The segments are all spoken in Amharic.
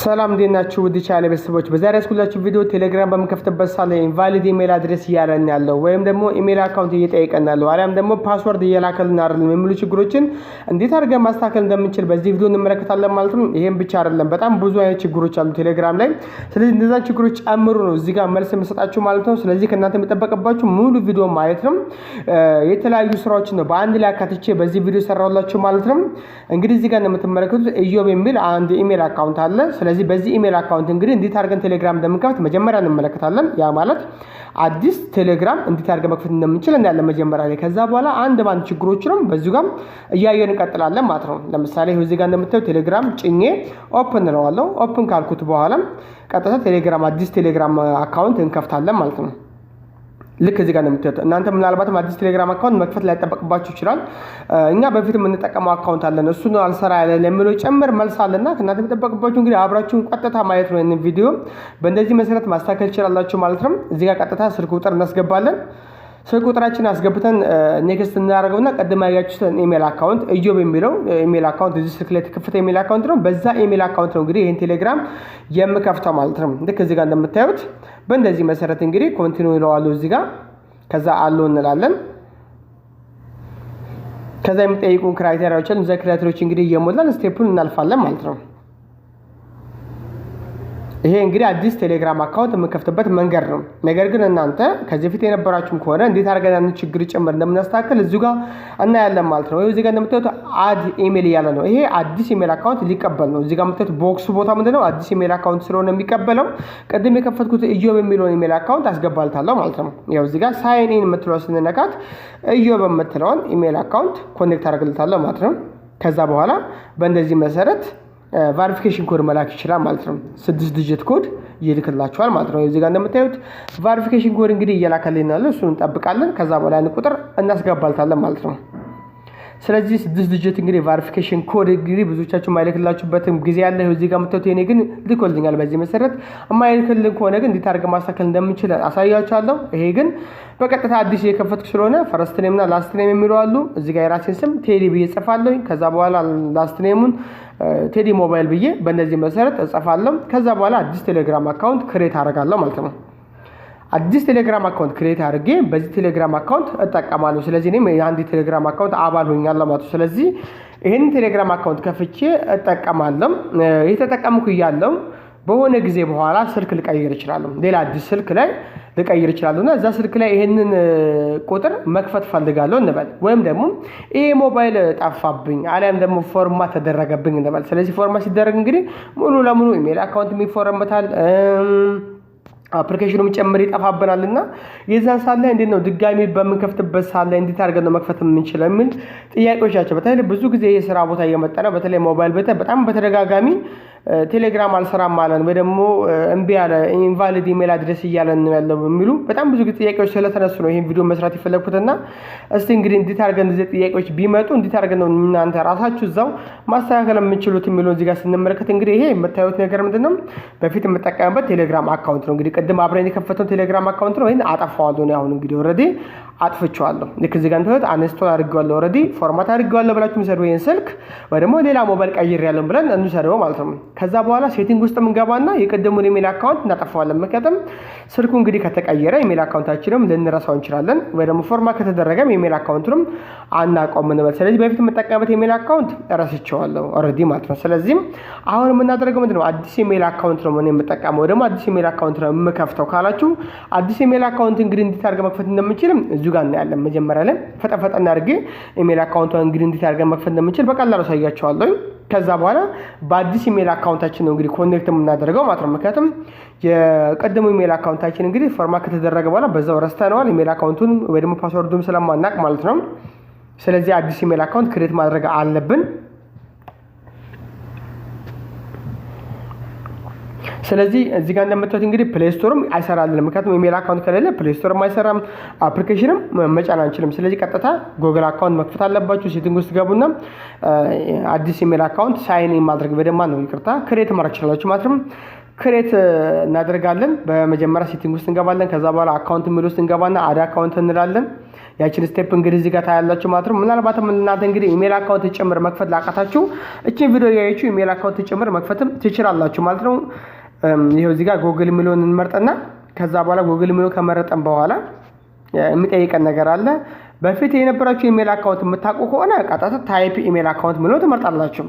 ሰላም እንዴት ናችሁ? ውድ ቻለ ቤተሰቦች በዛሬ ያስኩላችሁ ቪዲዮ ቴሌግራም በምከፍትበት ሳለ ኢንቫሊድ ኢሜል አድሬስ እያለን ያለው ወይም ደግሞ ኢሜል አካውንት እየጠየቀን ያለው አሊያም ደግሞ ፓስወርድ እየላከልን አይደለም የሚሉ ችግሮችን እንዴት አድርገን ማስተካከል እንደምንችል በዚህ ቪዲዮ እንመለከታለን ማለት ነው። ይህም ብቻ አይደለም፣ በጣም ብዙ አይነት ችግሮች አሉ ቴሌግራም ላይ። ስለዚህ እነዛን ችግሮች ጨምሩ ነው እዚህ ጋር መልስ የምሰጣችሁ ማለት ነው። ስለዚህ ከእናንተ የሚጠበቅባችሁ ሙሉ ቪዲዮ ማየት ነው። የተለያዩ ስራዎችን ነው በአንድ ላይ አካትቼ በዚህ ቪዲዮ ሰራሁላችሁ ማለት ነው። እንግዲህ እዚህ ጋር እንደምትመለከቱት ኢዮብ የሚል አንድ ኢሜል አካውንት አለ። ስለዚህ በዚህ ኢሜል አካውንት እንግዲህ እንዴት አድርገን ቴሌግራም እንደምንከፍት መጀመሪያ እንመለከታለን። ያ ማለት አዲስ ቴሌግራም እንዴት አድርገን መክፈት እንደምንችል እናያለን መጀመሪያ ላይ። ከዛ በኋላ አንድ ባንድ ችግሮችንም በዚሁ ጋር እያየን እንቀጥላለን ማለት ነው። ለምሳሌ እዚህ ጋር እንደምታዩ ቴሌግራም ጭኜ ኦፕን እንለዋለሁ። ኦፕን ካልኩት በኋላ ቀጥታ ቴሌግራም አዲስ ቴሌግራም አካውንት እንከፍታለን ማለት ነው። ልክ እዚህ ጋር እናንተ ምናልባትም አዲስ ቴሌግራም አካውንት መክፈት ላይጠበቅባችሁ ይችላል። እኛ በፊት የምንጠቀመው አካውንት አለን እሱን አልሰራ ያለ የምለው ጭምር መልስ አለና ከእናንተ የሚጠበቅባችሁ እንግዲህ አብራችሁን ቀጥታ ማየት ነው። ይህንን ቪዲዮ በእንደዚህ መሰረት ማስተካከል ይችላላችሁ ማለት ነው። እዚህ ጋር ቀጥታ ስልክ ቁጥር እናስገባለን። ስልክ ቁጥራችን አስገብተን ኔክስት እናደርገውና ቀድማ ያያችሁትን ኢሜል አካውንት እዮብ የሚለው ኢሜል አካውንት እዚህ ስልክ ላይ ተከፍተ ኢሜል አካውንት ነው። በዛ ኢሜል አካውንት ነው እንግዲህ ይህን ቴሌግራም የምከፍተው ማለት ነው። ልክ እዚህ ጋር እንደምታዩት በእንደዚህ መሰረት እንግዲህ ኮንቲኒ ይለዋሉ እዚህ ጋር ከዛ አሉ እንላለን። ከዛ የሚጠይቁን ክራይቴሪያዎችን እዛ ክራይቴሪያዎች እንግዲህ እየሞላን ስቴፑን እናልፋለን ማለት ነው። ይሄ እንግዲህ አዲስ ቴሌግራም አካውንት የምንከፍትበት መንገድ ነው። ነገር ግን እናንተ ከዚህ በፊት የነበራችሁም ከሆነ እንዴት አድርገን ያንን ችግር ጭምር እንደምናስተካከል እዚሁ ጋር እናያለን ማለት ነው። እዚህ ጋር እንደምታዩት አድ ኢሜል እያለ ነው። ይሄ አዲስ ኢሜል አካውንት ሊቀበል ነው። እዚጋ ጋር የምታዩት ቦክሱ ቦታ ምንድን ነው? አዲስ ኢሜል አካውንት ስለሆነ የሚቀበለው ቅድም የከፈትኩት እዮብ የሚለውን ኢሜል አካውንት አስገባልታለሁ ማለት ነው። ያው እዚ ጋ ሳይን ኢን የምትለው ስንነካት እዮብ የምትለውን ኢሜል አካውንት ኮኔክት አደርግልታለሁ ማለት ነው። ከዛ በኋላ በእንደዚህ መሰረት ቫሪፊኬሽን ኮድ መላክ ይችላል ማለት ነው። ስድስት ድጅት ኮድ ይልክላቸዋል ማለት ነው። እዚህ እንደምታዩት ቫሪፊኬሽን ኮድ እንግዲህ እየላከልን ያለ እሱን እንጠብቃለን። ከዛ በኋላ ያን ቁጥር እናስገባልታለን ማለት ነው። ስለዚህ ስድስት ድጅት እንግዲህ ቫሪፊኬሽን ኮድ እንግዲህ ብዙዎቻችሁ ማይልክላችሁበትም ጊዜ ያለ እዚህ ጋር ምተቱ ኔ ግን ልኮልኛል። በዚህ መሰረት የማይልክልን ከሆነ ግን እንዴት አድርገን ማስተካከል እንደምንችል አሳያችኋለሁ። ይሄ ግን በቀጥታ አዲስ እየከፈትኩ ስለሆነ ፈረስት ኔምና ላስት ኔም የሚሉ አሉ። እዚህ ጋር የራሴን ስም ቴዲ ብዬ ጽፋለሁ። ከዛ በኋላ ላስት ኔሙን ቴዲ ሞባይል ብዬ በእነዚህ መሰረት እጽፋለሁ። ከዛ በኋላ አዲስ ቴሌግራም አካውንት ክሬት አደርጋለሁ ማለት ነው። አዲስ ቴሌግራም አካውንት ክሬት አድርጌ በዚህ ቴሌግራም አካውንት እጠቀማለሁ። ስለዚህ እኔም የአንድ ቴሌግራም አካውንት አባል ሆኛለሁ ማለት ነው። ስለዚህ ይህን ቴሌግራም አካውንት ከፍቼ እጠቀማለሁ። የተጠቀምኩ እያለሁ በሆነ ጊዜ በኋላ ስልክ ልቀይር እችላለሁ። ሌላ አዲስ ስልክ ላይ ልቀይር እችላለሁ እና እዛ ስልክ ላይ ይህንን ቁጥር መክፈት ፈልጋለሁ እንበል፣ ወይም ደግሞ ይሄ ሞባይል ጠፋብኝ አሊያም ደግሞ ፎርማ ተደረገብኝ እንበል። ስለዚህ ፎርማ ሲደረግ እንግዲህ ሙሉ ለሙሉ ኢሜል አካውንት የሚፎረመታል አፕሊኬሽኑም ጨምር ይጠፋብናል እና የዛን ሰዓት ላይ እንዴት ነው ድጋሚ በምንከፍትበት ሰዓት ላይ እንዴት አድርገን ነው መክፈት የምንችለው የሚል ጥያቄዎች ናቸው። በተለይ ብዙ ጊዜ የስራ ቦታ እየመጠነ ነው። በተለይ ሞባይል በጣም በተደጋጋሚ ቴሌግራም አልሰራም አለን ወይ ደግሞ እምቢ አለ ኢንቫሊድ ኢሜል አድረስ እያለን ነው ያለው የሚሉ በጣም ብዙ ጥያቄዎች ስለተነሱ ነው ይህን ቪዲዮ መስራት የፈለግኩትና እስቲ እንግዲህ እንዴት አድርገን እዚህ ጥያቄዎች ቢመጡ እንዴት አድርገን ነው እናንተ ራሳችሁ እዛው ማስተካከል የምችሉት የሚለውን እዚህ ጋር ስንመለከት እንግዲህ ይሄ የምታዩት ነገር ምንድን ነው በፊት የምጠቀምበት ቴሌግራም አካውንት ነው እንግዲህ ቅድም አብረን የከፈተው ቴሌግራም አካውንት ነው ይህን አጠፋዋለሁ ነው አሁን እንግዲህ ኦልሬዲ አጥፍቼዋለሁ ልክ እዚህ ጋር ንትት አንስቶን አድርጌዋለሁ ኦልሬዲ ፎርማት አድርጌዋለሁ ብላችሁ ሰሩ ይህን ስልክ ወይ ደግሞ ሌላ ሞባይል ቀይር ያለን ብለን እንሰደው ማለት ነው ከዛ በኋላ ሴቲንግ ውስጥ የምንገባና የቀደሙን ኢሜል አካውንት እናጠፋዋለን። ምክንያቱም ስልኩ እንግዲህ ከተቀየረ ኢሜል አካውንታችንም ልንረሳው እንችላለን፣ ወይ ደግሞ ፎርማ ከተደረገም ኢሜል አካውንቱንም አናውቀውም እንበል። ስለዚህ በፊት የምጠቀምበት ኢሜል አካውንት ረስቸዋለሁ ኦልሬዲ ማለት ነው። ስለዚህም አሁን የምናደርገው ምንድነው አዲስ ኢሜል አካውንት ነው የምጠቀመው፣ ወይ ደግሞ አዲስ ኢሜል አካውንት ነው የምከፍተው ካላችሁ አዲስ ኢሜል አካውንት እንግዲህ እንዴት አድርገን መክፈት እንደምንችልም እዚሁ ጋር እናያለን። መጀመሪያ ላይ ፈጠን ፈጠን አድርጌ ኢሜል አካውንቷን እንግዲህ እንዴት አድርገን መክፈት እንደምንችል በቀላሉ አሳያችኋለሁ። ከዛ በኋላ በአዲስ ኢሜል አካውንታችን ነው እንግዲህ ኮኔክት የምናደርገው ማለት ነው። ምክንያቱም የቀደሙ ኢሜል አካውንታችን እንግዲህ ፎርማ ከተደረገ በኋላ በዛው ረስተነዋል፣ ኢሜል አካውንቱን ወይ ደግሞ ፓስወርዱም ስለማናቅ ማለት ነው። ስለዚህ አዲስ ኢሜል አካውንት ክሬት ማድረግ አለብን። ስለዚህ እዚህ ጋር እንደምታዩት እንግዲህ ፕሌስቶርም አይሰራልንም። ምክንያቱም ኢሜል አካውንት ከሌለ ፕሌስቶርም አይሰራም፣ አፕሊኬሽንም መጫን አንችልም። ስለዚህ ቀጥታ ጎግል አካውንት መክፈት አለባችሁ። ሴቲንግ ውስጥ ገቡና አዲስ ኢሜል አካውንት ሳይን ማድረግ በደማ ነው ይቅርታ ክሬት ማድረግ ችላላችሁ ማለት ነው። ክሬት እናደርጋለን። በመጀመሪያ ሴቲንግ ውስጥ እንገባለን። ከዛ በኋላ አካውንት ሚል ውስጥ እንገባና አድ አካውንት እንላለን። ያችን ስቴፕ እንግዲህ እዚህ ጋር ታያላችሁ ማለት ነው። ምናልባትም እናንተ እንግዲህ ኢሜል አካውንት ጭምር መክፈት ላቃታችሁ እችን ቪዲዮ ያያችሁ ኢሜል አካውንት ጭምር መክፈትም ትችላላችሁ ማለት ነው። ይኸው እዚህ ጋር ጎግል የሚለውን እንመርጠና ከዛ በኋላ ጎግል የሚለውን ከመረጠን በኋላ የሚጠይቀን ነገር አለ። በፊት የነበራችሁ ኢሜል አካውንት የምታውቁ ከሆነ ቀጥታ ታይፕ ኢሜል አካውንት የሚለው ትመርጣላችሁ።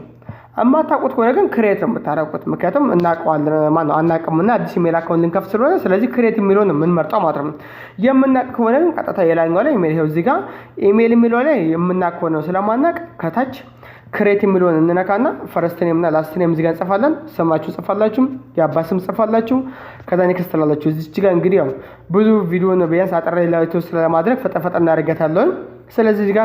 የማታውቁት ከሆነ ግን ክሬት ነው የምታደርጉት። ምክንያቱም እናውቀዋለን ማነው አናውቅምና አዲስ ኢሜል አካውንት ልንከፍት ስለሆነ ስለዚህ ክሬት የሚለው ነው የምንመርጠው ማለት ነው። የምናውቅ ከሆነ ግን ቀጥታ የላኛው ላይ ኢሜል ይኸው እዚህ ጋር ኢሜል የሚለው ላይ የምናውቅ ከሆነ ስለማናውቅ ከታች ክሬት የሚለውን እንነካና ፈረስት ኔም እና ላስት ኔም እዚጋ እንጽፋለን። ስማችሁ ጽፋላችሁ፣ የአባት ስም ጽፋላችሁ፣ ከዛ ኔክስት ትላላችሁ። እዚች ጋ እንግዲህ ያው ብዙ ቪዲዮ ነው፣ ቢያንስ አጠር ላይቶ ስለማድረግ ፈጠፈጠ እናደርገታለን። ስለዚህ እዚጋ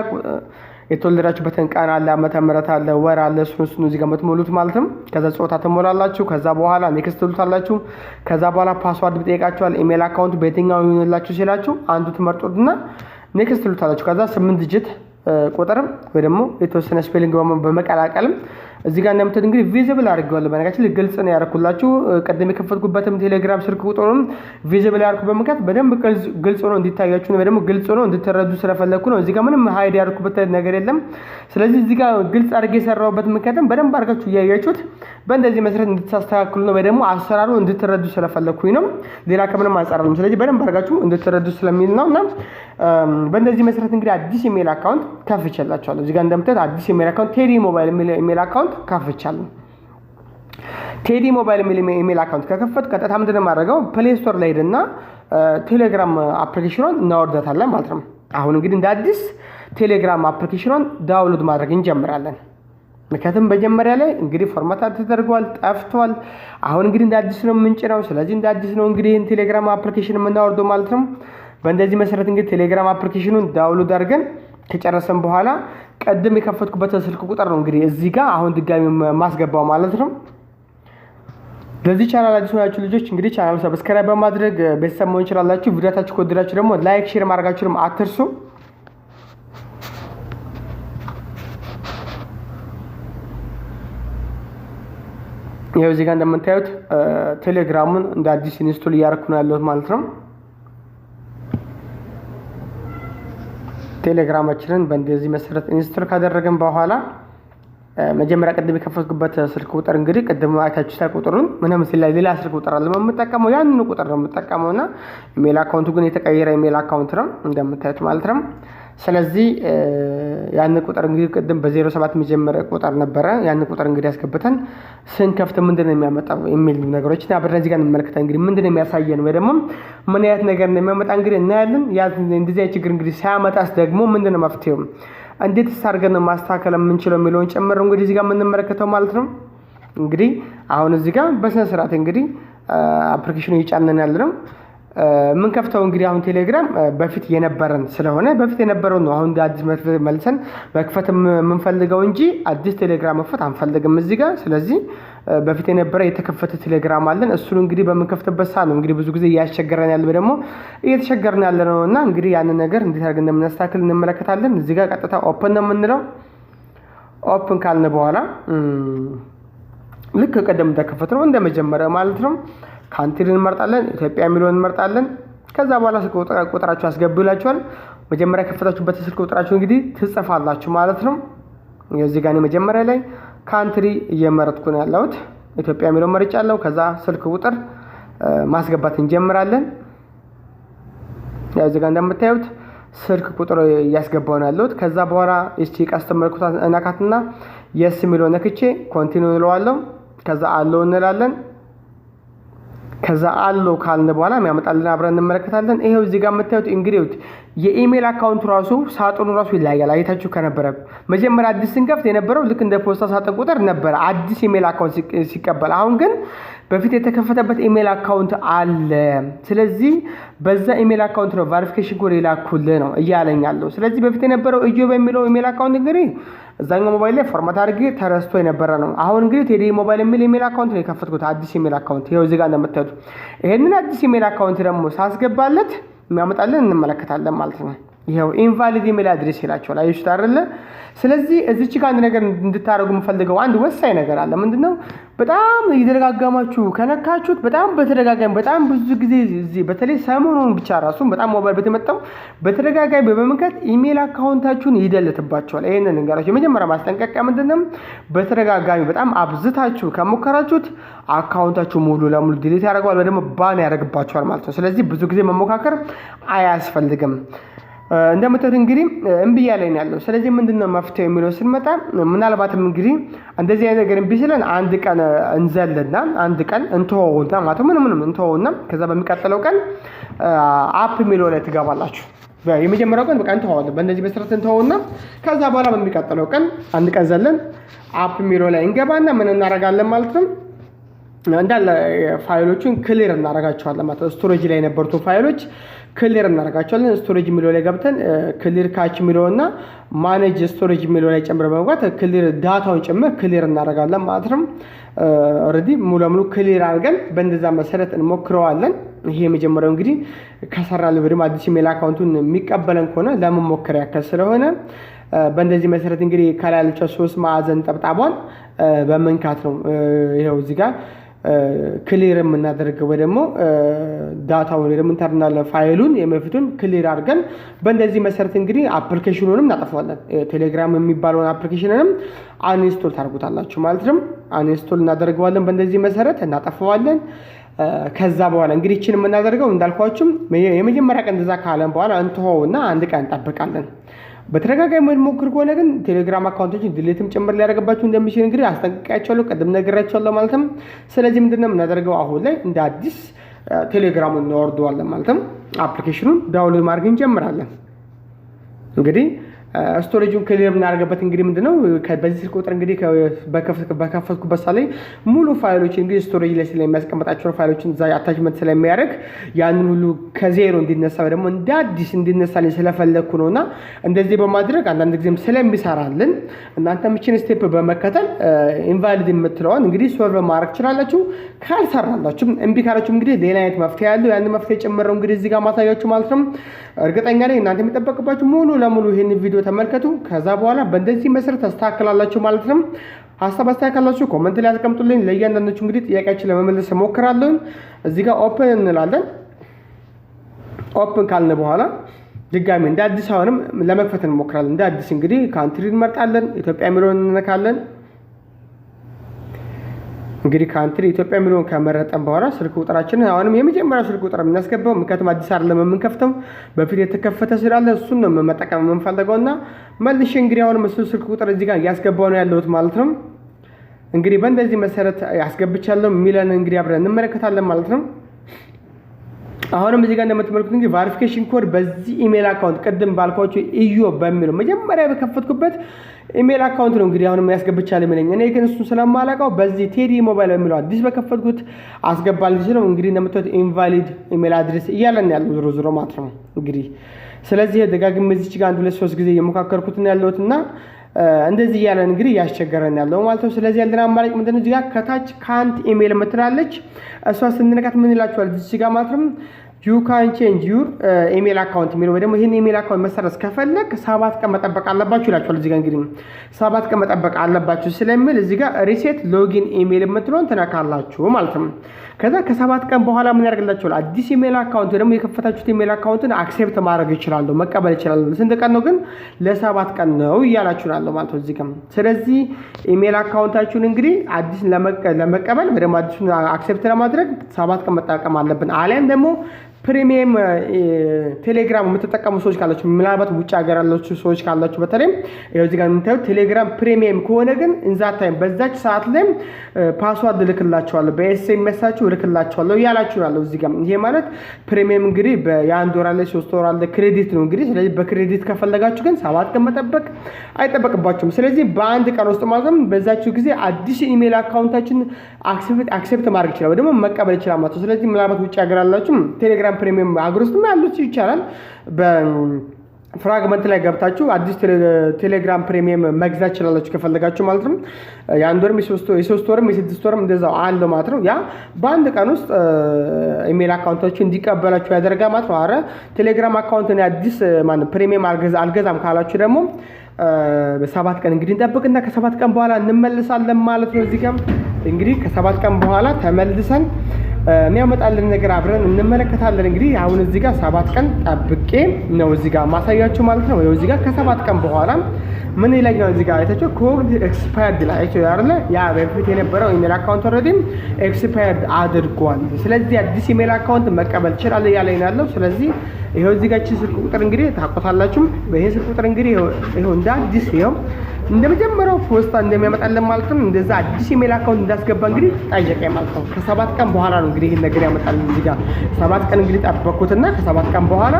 የተወለዳችሁበትን ቀን አለ፣ ዓመተ ምሕረት አለ፣ ወር አለ። እሱን እሱን እዚጋ የምትሞሉት ማለትም ከዛ ጾታ ትሞላላችሁ። ከዛ በኋላ ኔክስት ትሉታላችሁ። ከዛ በኋላ ፓስዋርድ ይጠይቃችኋል። ኢሜል አካውንት በየትኛው ይሆንላችሁ ሲላችሁ አንዱ ትመርጡትና ኔክስት ትሉታላችሁ። ከዛ ስምንት ድጅት ቁጥርም ወይ ደግሞ የተወሰነ ስፔሊንግ በመቀላቀልም እዚህ ጋር እንደምትት እንግዲህ ቪዚብል አድርገዋለሁ። በነገራችን ላይ ግልጽ ነው ያደረኩላችሁ። ቀደም የከፈትኩበትም ቴሌግራም ስልክ ቁጥሩም ቪዚብል ያደርኩ በምክንያት በደንብ ግልጽ ሆኖ እንዲታያችሁ ወይ ደግሞ ግልጽ ሆኖ እንድትረዱ ስለፈለግኩ ነው። እዚህ ጋር ምንም ሀይድ ያደርኩበት ነገር የለም። ስለዚህ እዚህ ጋር ግልጽ አድርጌ የሰራሁበት ምክንያትም በደንብ አድርጋችሁ እያያችሁት በእንደዚህ መሰረት እንድታስተካክሉ ነው ወይ ደግሞ አሰራሩ እንድትረዱ ስለፈለግኩኝ ነው። ሌላ ከምንም አንጻር ነው። ስለዚህ በደንብ አድርጋችሁ እንድትረዱ ስለሚል ነው እና በእንደዚህ መሰረት እንግዲህ አዲስ ኢሜል አካውንት ከፍቼላችኋለሁ። እዚህ ጋር እንደምትት አዲስ ኢሜል አካውንት ቴዲ ሞባይል ኢሜል አካውንት አካውንት ከፍቻለሁ። ቴዲ ሞባይል የሚል ኢሜል አካውንት ከከፈት ቀጥታ ምንድን ማድረገው ፕሌይ ስቶር ላይ ሄድና ቴሌግራም አፕሊኬሽኗን እናወርዳታለን ማለት ነው። አሁን እንግዲህ እንደ አዲስ ቴሌግራም አፕሊኬሽኗን ዳውንሎድ ማድረግ እንጀምራለን። ምክንያቱም መጀመሪያ ላይ እንግዲህ ፎርማት ተደርጓል፣ ጠፍቷል። አሁን እንግዲህ እንደ አዲስ ነው ምንጭ ነው። ስለዚህ እንደ አዲስ ነው እንግዲህ ይህን ቴሌግራም አፕሊኬሽን የምናወርደው ማለት ነው። በእንደዚህ መሰረት እንግዲህ ቴሌግራም አፕሊኬሽኑን ዳውንሎድ አድርገን ከጨረሰን በኋላ ቀድም የከፈትኩበትን ስልክ ቁጥር ነው እንግዲህ እዚህ ጋር አሁን ድጋሚ ማስገባው ማለት ነው። ለዚህ ቻናል አዲስ ሆናችሁ ልጆች እንግዲህ ቻናሉ ሰብስክራይብ በማድረግ ቤተሰብ መሆን ይችላላችሁ። ቪዲዮታችሁ ከወደዳችሁ ደግሞ ላይክ፣ ሼር ማድረጋችሁንም አትርሱ። ይኸው እዚህ ጋር እንደምታዩት ቴሌግራሙን እንደ አዲስ ኢንስቶል እያደረኩ ነው ያለሁት ማለት ነው። ቴሌግራማችንን በእንደዚህ መሰረት ኢንስቶል ካደረግን በኋላ መጀመሪያ ቅድም የከፈትኩበት ስልክ ቁጥር እንግዲህ ቅድም አይታችሁታ ቁጥሩን ምንም ሲላይ ሌላ ስልክ ቁጥር አለ የምጠቀመው ያንኑ ቁጥር ነው የምጠቀመው እና ኢሜል አካውንቱ ግን የተቀየረ ኢሜል አካውንት ነው እንደምታዩት ማለት ነው። ስለዚህ ያን ቁጥር እንግዲህ ቅድም በ07 የሚጀምር ቁጥር ነበረ። ያን ቁጥር እንግዲህ ያስገብተን ስንከፍት ምንድን ነው የሚያመጣው የሚል ነገሮችን አብረን እዚህ ጋር እንመለከታለን። እንግዲህ ምንድን ነው የሚያሳየን ወይ ደግሞ ምን አይነት ነገር ነው የሚያመጣ እንግዲህ እናያለን። ያ እንደዚህ ችግር እንግዲህ ሳያመጣስ ደግሞ ምንድን ነው መፍትሄው? እንዴትስ አድርገን ማስተካከል የምንችለው የሚለውን ጭምር እንግዲህ እዚህ ጋር የምንመለከተው ማለት ነው። እንግዲህ አሁን እዚህ ጋር በስነ ስርዓት እንግዲህ አፕሊኬሽኑ እየጫነን ያለ ነው የምንከፍተው እንግዲህ አሁን ቴሌግራም በፊት የነበረን ስለሆነ በፊት የነበረውን ነው አሁን አዲስ መልሰን መክፈት የምንፈልገው እንጂ አዲስ ቴሌግራም መክፈት አንፈልግም እዚህ ጋር ስለዚህ በፊት የነበረ የተከፈተ ቴሌግራም አለን። እሱን እንግዲህ በምንከፍትበት ሰዓት ነው እንግዲህ ብዙ ጊዜ እያስቸገረን ያለ ደግሞ እየተቸገረን ያለ ነው እና እንግዲህ ያንን ነገር እንዴት አድርገን እንደምናስተካክል እንመለከታለን። እዚህ ጋር ቀጥታ ኦፕን ነው የምንለው። ኦፕን ካልን በኋላ ልክ ቀደም እንደከፈት ነው እንደ ማለት ነው። ካንትሪን እንመርጣለን፣ ኢትዮጵያ የሚለውን እንመርጣለን። ከዛ በኋላ ስልክ ቁጥራችሁ ያስገቡላችኋል። መጀመሪያ ከፈታችሁበት ስልክ ቁጥራችሁ እንግዲህ ትጽፋላችሁ ማለት ነው። እዚህ ጋር መጀመሪያ ላይ ካንትሪ እየመረጥኩ ነው ያለሁት። ኢትዮጵያ የሚለው መርጫ አለው። ከዛ ስልክ ቁጥር ማስገባት እንጀምራለን። እዚህ እንደምታዩት ስልክ ቁጥር እያስገባው ነው ያለሁት። ከዛ በኋላ እስቲ ካስተመር ነካትና የስ የሚለው ነክቼ ኮንቲኒ እንለዋለሁ። ከዛ አለው እንላለን። ከዛ አለው ካልን በኋላ የሚያመጣልን አብረን እንመለከታለን። ይሄው እዚህ ጋር የምታዩት እንግዲህ የኢሜል አካውንቱ ራሱ ሳጥኑ ራሱ ይለያያል። አይታችሁ ከነበረ መጀመሪያ አዲስ ስንከፍት የነበረው ልክ እንደ ፖስታ ሳጥን ቁጥር ነበረ አዲስ ኢሜል አካውንት ሲቀበል አሁን ግን በፊት የተከፈተበት ኢሜል አካውንት አለ። ስለዚህ በዛ ኢሜል አካውንት ነው ቫሪፊኬሽን ኮድ የላኩልህ ነው እያለኛለሁ። ስለዚህ በፊት የነበረው እዮ በሚለው ኢሜል አካውንት እንግዲህ እዛኛው ሞባይል ላይ ፎርማት አድርጌ ተረስቶ የነበረ ነው። አሁን እንግዲህ ቴዲ ሞባይል የሚል ኢሜል አካውንት ነው የከፈትኩት፣ አዲስ ኢሜል አካውንት ይኸው እዚህ ጋር እንደምታዩት። ይህንን አዲስ ኢሜል አካውንት ደግሞ ሳስገባለት የሚያመጣልን እንመለከታለን ማለት ነው። ይኸው ኢንቫሊድ ኢሜል አድሬስ ይላቸዋል። አየሽት አይደለ? ስለዚህ እዚች ጋር አንድ ነገር እንድታደርጉ የምፈልገው አንድ ወሳኝ ነገር አለ። ምንድን ነው? በጣም እየተደጋጋማችሁ ከነካችሁት በጣም በተደጋጋሚ በጣም ብዙ ጊዜ እዚህ በተለይ ሰሞኑን ብቻ ራሱ በጣም ሞባይል በተመጣው በተደጋጋሚ በመምከት ኢሜል አካውንታችሁን ይደለትባቸዋል። ይህንን እንገራችሁ። የመጀመሪያ ማስጠንቀቂያ ምንድን ነው? በተደጋጋሚ በጣም አብዝታችሁ ከሞከራችሁት አካውንታችሁ ሙሉ ለሙሉ ዲሊት ያደርገዋል ወይ ደግሞ ባን ያደርግባቸዋል ማለት ነው። ስለዚህ ብዙ ጊዜ መሞካከር አያስፈልግም። እንደምታዩት እንግዲህ እምብያ ላይ ነው ያለው። ስለዚህ ምንድነው መፍትሄ መፍትሄው የሚለው ስንመጣ ምናልባትም እንግዲህ እንደዚህ አይነት ነገር እምቢ አንድ ቀን እንዘልና አንድ ቀን እንትሆውና ማለት ምን ምንም እንትሆውና ከዛ በሚቀጥለው ቀን አፕ የሚለው ላይ ትገባላችሁ። የመጀመሪያው ቀን በቃ እንትሆዋለን በእነዚህ መሰረት እንትሆውና ከዛ በኋላ በሚቀጥለው ቀን አንድ ቀን ዘለን አፕ የሚለው ላይ እንገባና ምን እናደርጋለን ማለት ነው እንዳለ ፋይሎቹን ክሊር እናደርጋቸዋለን ማለት ነው። ስቶሬጅ ላይ የነበሩትን ፋይሎች ክሊር እናደርጋቸዋለን። ስቶሬጅ የሚለው ላይ ገብተን ክሊር ካች የሚለው እና ማኔጅ ስቶሬጅ የሚለው ላይ ጨምር በመግባት ክሊር ዳታውን ጭምር ክሊር እናደርጋለን ማለት ነው። ኦልሬዲ ሙሉ ለሙሉ ክሊር አድርገን በእንደዛ መሰረት እንሞክረዋለን። ይሄ የመጀመሪያው እንግዲህ ከሰራ ልብድም አዲስ ኢሜል አካውንቱን የሚቀበለን ከሆነ ለመሞከር ያከል ስለሆነ በእንደዚህ መሰረት እንግዲህ ከላይ ያለችው ሶስት ማዕዘን ጠብጣቧን በመንካት ነው ይኸው እዚህ ጋር ክሊር የምናደርገው ወይ ደግሞ ዳታውን ወይ ደግሞ ፋይሉን የመፊቱን ክሊር አድርገን በእንደዚህ መሰረት እንግዲህ አፕሊኬሽኑንም እናጠፋዋለን። ቴሌግራም የሚባለውን አፕሊኬሽንንም አንኢንስቶል ታደርጉታላችሁ ማለት ነው። አንኢንስቶል እናደርገዋለን፣ በእንደዚህ መሰረት እናጠፋዋለን። ከዛ በኋላ እንግዲህ ይችን የምናደርገው እንዳልኳችሁም የመጀመሪያ ቀን እንደዛ ካለን በኋላ እንትሆውና አንድ ቀን እንጠብቃለን። በተደጋጋሚ ሞክር ከሆነ ግን ቴሌግራም አካውንቶችን ድሌትም ጭምር ሊያደርግባችሁ እንደሚችል እንግዲህ አስጠንቅቄያቸዋለሁ፣ ቀደም ነግሬያቸዋለሁ ማለትም። ስለዚህ ምንድነው የምናደርገው አሁን ላይ እንደ አዲስ ቴሌግራሙን እናወርደዋለን ማለትም አፕሊኬሽኑን ዳውንሎድ ማድረግ እንጀምራለን እንግዲህ ስቶሬጁን ክሊር የምናደርገበት እንግዲህ ምንድነው በዚህ ስልክ ቁጥር እንግዲህ በከፈትኩበት ሳ ላይ ሙሉ ፋይሎች እንግዲህ ስቶሬጅ ላይ ስለሚያስቀምጣቸውን ፋይሎችን እዛ አታችመንት ስለሚያደርግ ያንን ሁሉ ከዜሮ እንዲነሳ ወይ ደግሞ እንደ አዲስ እንዲነሳልኝ ስለፈለግኩ ነው እና እንደዚህ በማድረግ አንዳንድ ጊዜም ስለሚሰራልን እናንተ ምችን ስቴፕ በመከተል ኢንቫሊድ የምትለዋን እንግዲህ ሶልቭ ማድረግ ትችላላችሁ። ካልሰራላችሁም እምቢ ካላችሁም እንግዲህ ሌላ አይነት መፍትሄ ያለው ያን መፍትሄ ጭምረው እንግዲህ እዚህ ጋር ማሳያችሁ ማለት ነው። እርግጠኛ ላይ እናንተ የሚጠበቅባችሁ ሙሉ ለሙሉ ይህን ቪዲዮ ቪዲዮ ተመልከቱ። ከዛ በኋላ በእንደዚህ መሰረት ተስተካክላላችሁ ማለት ነው። ሀሳብ አስተያየት ካላችሁ ኮመንት ላይ አስቀምጡልኝ። ለእያንዳንዶቹ እንግዲህ ጥያቄያችን ለመመለስ እሞክራለሁ። እዚህ ጋር ኦፕን እንላለን። ኦፕን ካልን በኋላ ድጋሚ እንደ አዲስ አሁንም ለመክፈት እንሞክራለን። እንደ አዲስ እንግዲህ ካንትሪ እንመርጣለን። ኢትዮጵያ የሚለውን እንነካለን። እንግዲህ ካንትሪ ኢትዮጵያ የሚለውን ከመረጠን በኋላ ስልክ ቁጥራችን አሁንም የመጀመሪያ ስልክ ቁጥር የምናስገባው ምክንያቱም አዲስ አይደለም የምንከፍተው በፊት የተከፈተ ስላለ እሱን ነው መጠቀም የምንፈልገው እና መልሼ እንግዲህ አሁን ምስሉ ስልክ ቁጥር እዚህ ጋር እያስገባው ነው ያለሁት ማለት ነው። እንግዲህ በእንደዚህ መሰረት ያስገብቻለሁ የሚለን እንግዲህ አብረን እንመለከታለን ማለት ነው። አሁንም እዚህ ጋር እንደምትመልኩት እንግዲህ ቫሪፊኬሽን ኮድ በዚህ ኢሜል አካውንት ቅድም ባልኳቸው እዮ በሚለው መጀመሪያ በከፈትኩበት ኢሜል አካውንት ነው እንግዲህ አሁንም ያስገብቻል ይመለኝ እኔ ግን እሱን ስለማላውቀው በዚህ ቴዲ ሞባይል በሚለው አዲስ በከፈትኩት አስገባል ሲለው እንግዲህ እንደምታዩት ኢንቫሊድ ኢሜል አድሬስ እያለን ያለው ዞሮ ዞሮ ማለት ነው እንግዲህ ስለዚህ ደጋግሜ እዚች ጋር አንድ ሁለት ሶስት ጊዜ እየሞካከርኩት ነው ያለሁት እና እንደዚህ እያለ እንግዲህ እያስቸገረን ያለው ማለት ነው። ስለዚህ ያለን አማራጭ ምንድነው? እዚጋ ከታች ካንት ኢሜል ምትላለች እሷ ስንነካት ምን ይላችኋል? እዚጋ ማለት ነው ዩ ካን ቼንጅ ዩር ኢሜል አካውንት የሚለው ወይ ደግሞ ይህን ኢሜል አካውንት መሰረዝ ከፈለግ ሰባት ቀን መጠበቅ አለባችሁ ይላችኋል። እዚጋ እንግዲህ ሰባት ቀን መጠበቅ አለባችሁ ስለሚል እዚጋ ሪሴት ሎጊን ኢሜል የምትለውን ትነካላችሁ ማለት ነው። ከዛ ከሰባት ቀን በኋላ ምን ያደርግላቸዋል? አዲስ ኢሜል አካውንት ደግሞ የከፈታችሁት ኢሜል አካውንትን አክሴፕት ማድረግ ይችላሉ፣ መቀበል ይችላሉ። ስንት ቀን ነው ግን? ለሰባት ቀን ነው እያላችሁ ማለት ነው እዚህ። ስለዚህ ኢሜል አካውንታችሁን እንግዲህ አዲስ ለመቀበል ወይ ደግሞ አዲሱን አክሴፕት ለማድረግ ሰባት ቀን መጠቀም አለብን። አሊያም ደግሞ ፕሪሚየም ቴሌግራም የምትጠቀሙ ሰዎች ካላችሁ ምናልባት ውጭ ሀገር ያላችሁ ሰዎች ካላችሁ በተለይም እዚህ ጋር የምታዩት ቴሌግራም ፕሪሚየም ከሆነ ግን እንዛ ታይም በዛች ሰዓት ላይ ፓስዋርድ እልክላችኋለሁ በኤስ መሳችሁ እልክላችኋለሁ እያላችሁ ያለው እዚህ ጋር ይሄ ማለት ፕሪሚየም እንግዲህ የአንድ ወር አለ ሶስት ወር አለ ክሬዲት ነው እንግዲህ ስለዚህ በክሬዲት ከፈለጋችሁ ግን ሰባት ቀን መጠበቅ አይጠበቅባችሁም ስለዚህ በአንድ ቀን ውስጥ ማለት ነው በዛችሁ ጊዜ አዲስ ኢሜይል አካውንታችን አክሴፕት ማድረግ ይችላል ወይ ደግሞ መቀበል ይችላል ማለት ነው። ስለዚህ ምናልባት ውጭ ሀገር አላችሁም ቴሌግራም ፕሪሚየም ሀገር ውስጥም ያሉት ይቻላል በ ፍራግመንት ላይ ገብታችሁ አዲስ ቴሌግራም ፕሪሚየም መግዛት ይችላላችሁ ከፈለጋችሁ ማለት ነው። የአንድ ወርም የሶስት ወርም የስድስት ወርም እንደዛው አለው ማለት ነው። ያ በአንድ ቀን ውስጥ ኢሜል አካውንቶች እንዲቀበላችሁ ያደርጋል ማለት ነው። አረ ቴሌግራም አካውንት አዲስ ፕሪሚየም አልገዛም ካላችሁ ደግሞ ሰባት ቀን እንግዲህ እንጠብቅና ከሰባት ቀን በኋላ እንመልሳለን ማለት ነው። እዚህ ጋር እንግዲህ ከሰባት ቀን በኋላ ተመልሰን የሚያመጣልን ነገር አብረን እንመለከታለን። እንግዲህ አሁን እዚህ ጋር ሰባት ቀን ጠብቄ ነው እዚህ ጋር ማሳያችሁ ማለት ነው። እዚህ ጋር ከሰባት ቀን በኋላ ምን ይለኛል? እዚህ ጋር አይታችሁ ኮድ ኤክስፓየርድ ላይ አይታችሁ ያርለ ያ በፊት የነበረው ኢሜል አካውንት ኦልሬዲ ኤክስፓየርድ አድርጓል። ስለዚህ አዲስ ኢሜል አካውንት መቀበል ይችላል እያለኝ ነው ያለው። ስለዚህ ይሄው እዚህ ጋር ስልክ ቁጥር እንግዲህ ታቆታላችሁ። ይሄ ስልክ ቁጥር እንግዲህ ይሄው እንደ አዲስ ይኸው እንደ መጀመሪያው ፖስታ እንደሚያመጣልን ማለትም እንደዛ አዲስ ኢሜል አካውንት እንዳስገባ እንግዲህ ጠየቀኝ ማለት ነው። ከሰባት ቀን በኋላ ነው እንግዲህ ይህን ነገር ያመጣል። እዚህ ጋር ሰባት ቀን እንግዲህ ጠበኩትና ከሰባት ቀን በኋላ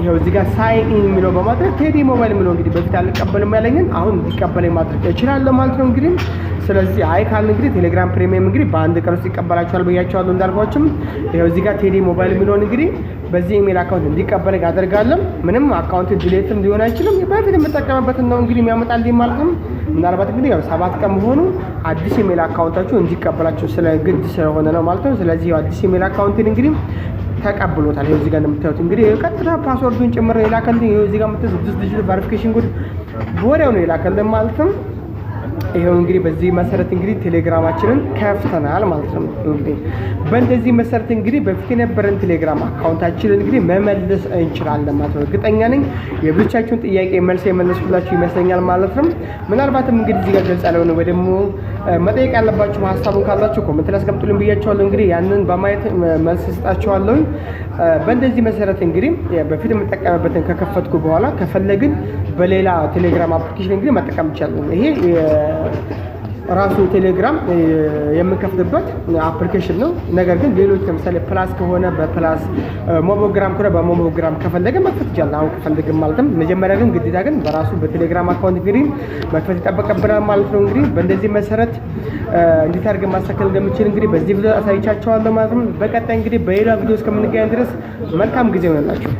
ይኸው እዚህ ጋር ሳይን ኢን የሚለው በማድረግ ቴዲ ሞባይል የሚለው እንግዲህ በፊት አልቀበልም ያለኝን አሁን እንዲቀበለኝ ማድረግ ይችላል ማለት ነው እንግዲህ ስለዚህ አይ ካልን እንግዲህ ቴሌግራም ፕሪሚየም እንግዲህ በአንድ ቀን ውስጥ ይቀበላቸዋል ብያቸዋለሁ እንዳልኳችሁም ይኸው እዚህ ጋር ቴዲ ሞባይል የሚለውን እንግዲህ በዚህ ኢሜል አካውንት እንዲቀበል አደርጋለሁ። ምንም አካውንት ዲሌትም ሊሆን አይችልም። በፊት የምጠቀምበትን ነው እንግዲህ የሚያመጣልኝ ማለት ምናልባት እንግዲህ ሰባት ቀን መሆኑ አዲስ ኢሜል አካውንታችሁ እንዲቀበላችሁ ስለ ግድ ስለሆነ ነው ማለት ነው። ስለዚህ አዲስ ኢሜል አካውንትን እንግዲህ ተቀብሎታል። ይኸው እዚህ ጋር እንደምታዩት እንግዲህ ቀጥታ ፓስወርዱን ጭምር የላከልን ይኸው እዚህ ጋር የምታዩት ስድስት ዲጂት ቬሪፊኬሽን ጉድ ወዲያው ነው የላከልን ማለትም ይሄው እንግዲህ በዚህ መሰረት እንግዲህ ቴሌግራማችንን ከፍተናል ማለት ነው። እንግዲህ በእንደዚህ መሰረት እንግዲህ በፊት የነበረን ቴሌግራም አካውንታችንን እንግዲህ መመለስ እንችላለን ማለት ነው። እርግጠኛ ነኝ የብቻችሁን ጥያቄ መልስ የመለስኩላችሁ ይመስለኛል ማለት ነው። ምናልባትም እንግዲህ እዚህ ጋር ገልጽ ያለሆነ ወይ ደግሞ መጠየቅ ያለባችሁ ሀሳቡን ካላችሁ ኮመንት ላይ አስቀምጡልን ብያቸዋለሁ። እንግዲህ ያንን በማየት መልስ ስጣቸዋለሁ። በእንደዚህ መሰረት እንግዲህ በፊት የምጠቀምበትን ከከፈትኩ በኋላ ከፈለግን በሌላ ቴሌግራም አፕሊኬሽን እንግዲህ መጠቀም ይቻላል። ይሄ ራሱ ቴሌግራም የምንከፍትበት አፕሊኬሽን ነው። ነገር ግን ሌሎች ለምሳሌ ፕላስ ከሆነ በፕላስ ሞቦግራም ከሆነ በሞቦግራም ከፈለገ መክፈት ይቻላል። አሁን ከፈልግም ማለትም መጀመሪያ ግን ግዴታ ግን በራሱ በቴሌግራም አካውንት እንግዲህ መክፈት ይጠበቅብናል ማለት ነው። እንግዲህ በእንደዚህ መሰረት እንዴት አድርገን ማስተካከል እንደምችል እንግዲህ በዚህ ቪዲዮ አሳይቻቸዋለሁ ማለት ነው። በቀጣይ እንግዲህ በሌላ ቪዲዮ እስከምንገናኝ ድረስ መልካም ጊዜ ይሆንላችሁ።